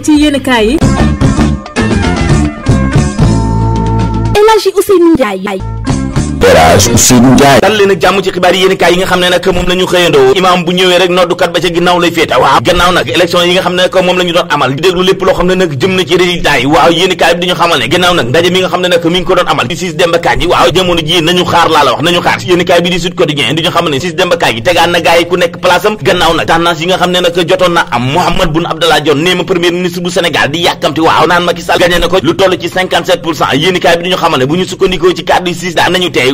ci yenn kaay yi El Hadji Ousseynou Ndiaye Elage waaw gannaaw nag élection ñu doon na ci résultat yi waaw xamal ne gannaaw bi di ñu xamal na gaay yi ku nekk place na bu Sénégal di ci 57 pour cent yéen nañu teey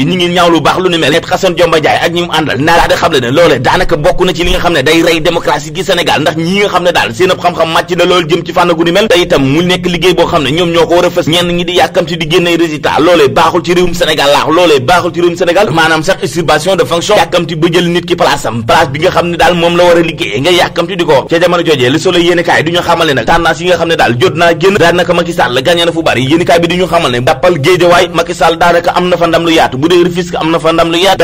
bi ñi ngi ñaaw lu baax lu ne mel Maître Assane Diomba Diaye ak ñi mu àndal naa laa da xam le ne loolee daanaka bokk na ci li nga xam ne day rey démocratie gi Sénégal ndax ñi nga xam ne daal seen ab xam-xam màcc na loolu jëm ci fànn gu ni mel te itam mu nekk liggéey boo xam ne ñoom ñoo ko war a fës ñenn ñi di yàkkamti di génne résultat loolee baaxul ci réewum Sénégal laax loolee baaxul ci réewum Sénégal maanaam sax usurpation de fonction yàkkamti ba jël nit ki place am place bi nga xam ne daal moom la war a liggéey nga yàkkamti di ko ca jamono joojee Le Soleil yéeni kaay du ñu xamale nag tendance yi nga xam ne daal jot naa génn daanaka Macky Sall gagné na fu bari yéeni kaay bi du ñu xamal ne dàppal géejawaay Macky Sall daanaka am na fa ndam lu yaatu dee Rufisque am na fa ndam lu yaatu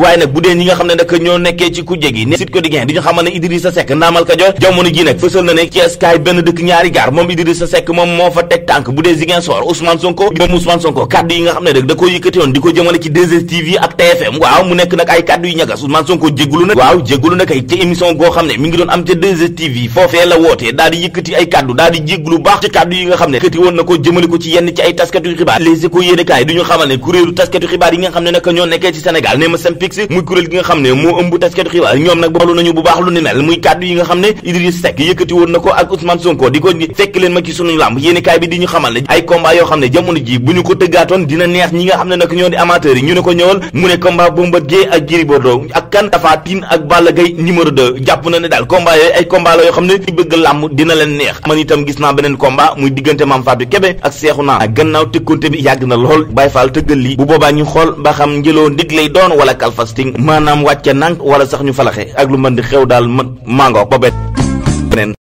waaye nag bu dee ñi nga xam ne nag ñoo nekkee ci kujje gi ne Sud Quotidien di xamal ne Idrissa Seck ndaamal Kajoor jamono ji nag fësal na ne Thiès kaay benn dëkk ñaari gaar moom Idrissa Seck moom moo fa teg tànk bu dee Ziguinchor Ousmane Sonko moom Ousmane Sonko kaddu yi nga xam ne rek da ko yëkkati woon di ko jëmale ci 2STV ak TFM waaw mu nekk nag ay kaddu yi nga xam ne ko jëmale ko ci yenn ci taskatu xibaar yi nga xam ne nag ñoo nekkee ci Sénégal ne ma SYNPICS muy kuréel gi nga xam ne moo ëmb taskatu xibaar ñoom nag boolu nañu bu baax lu ni mel muy kàddu yi nga xam ne itam gis naa beneen combat muy diggante Mame Fatou Kébé ak Cheikhouna gannaaw tëkkoonte bi yàgg na lool Baye Fall tëggal lii boobaa ñu xool ba xam njëloo ndig lay doon wala kalfasting maanaam wàcce nank wala sax ñu falaxe ak lu mën di xew daal mën maa ngoog ba bet beneen